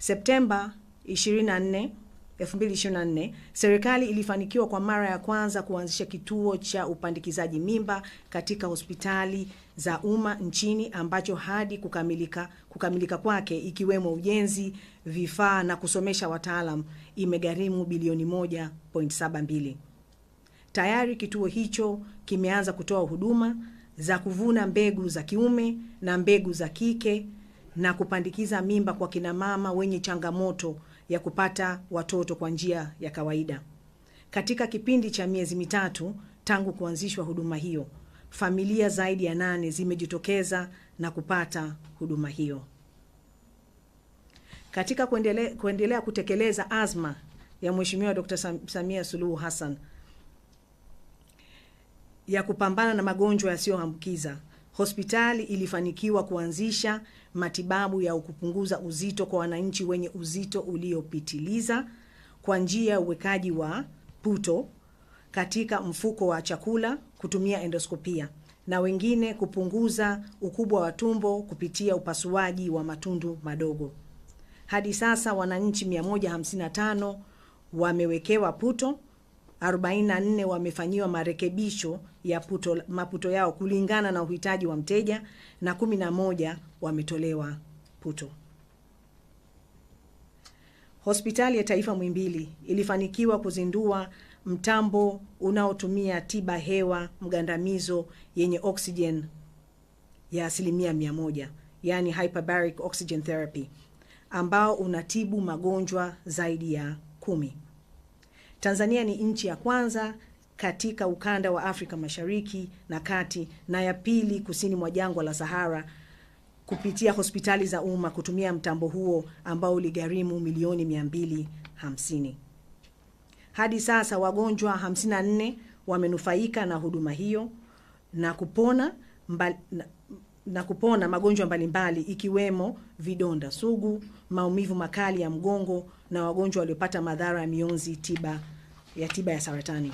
Septemba 24 2024 serikali ilifanikiwa kwa mara ya kwanza kuanzisha kituo cha upandikizaji mimba katika hospitali za umma nchini ambacho hadi kukamilika, kukamilika kwake ikiwemo ujenzi, vifaa na kusomesha wataalam imegharimu bilioni 1.72. Tayari kituo hicho kimeanza kutoa huduma za kuvuna mbegu za kiume na mbegu za kike na kupandikiza mimba kwa kinamama wenye changamoto ya kupata watoto kwa njia ya kawaida. Katika kipindi cha miezi mitatu tangu kuanzishwa huduma hiyo, familia zaidi ya nane zimejitokeza na kupata huduma hiyo. Katika kuendelea, kuendelea kutekeleza azma ya Mheshimiwa Dkt. Samia Suluhu Hassan ya kupambana na magonjwa yasiyoambukiza Hospitali ilifanikiwa kuanzisha matibabu ya kupunguza uzito kwa wananchi wenye uzito uliopitiliza kwa njia ya uwekaji wa puto katika mfuko wa chakula kutumia endoskopia na wengine kupunguza ukubwa wa tumbo kupitia upasuaji wa matundu madogo. Hadi sasa wananchi 155 wamewekewa puto 44 wamefanyiwa marekebisho ya puto, maputo yao kulingana na uhitaji wa mteja na 11 wametolewa puto. Hospitali ya Taifa Muhimbili ilifanikiwa kuzindua mtambo unaotumia tiba hewa mgandamizo yenye oxygen ya asilimia mia moja, yani hyperbaric oxygen therapy ambao unatibu magonjwa zaidi ya kumi. Tanzania ni nchi ya kwanza katika ukanda wa Afrika Mashariki na Kati na ya pili kusini mwa jangwa la Sahara kupitia hospitali za umma kutumia mtambo huo ambao uligharimu milioni 250. Hadi sasa wagonjwa 54 wamenufaika na huduma hiyo na kupona mbali, na, na kupona magonjwa mbalimbali ikiwemo vidonda sugu, maumivu makali ya mgongo na wagonjwa waliopata madhara ya mionzi tiba ya tiba ya saratani.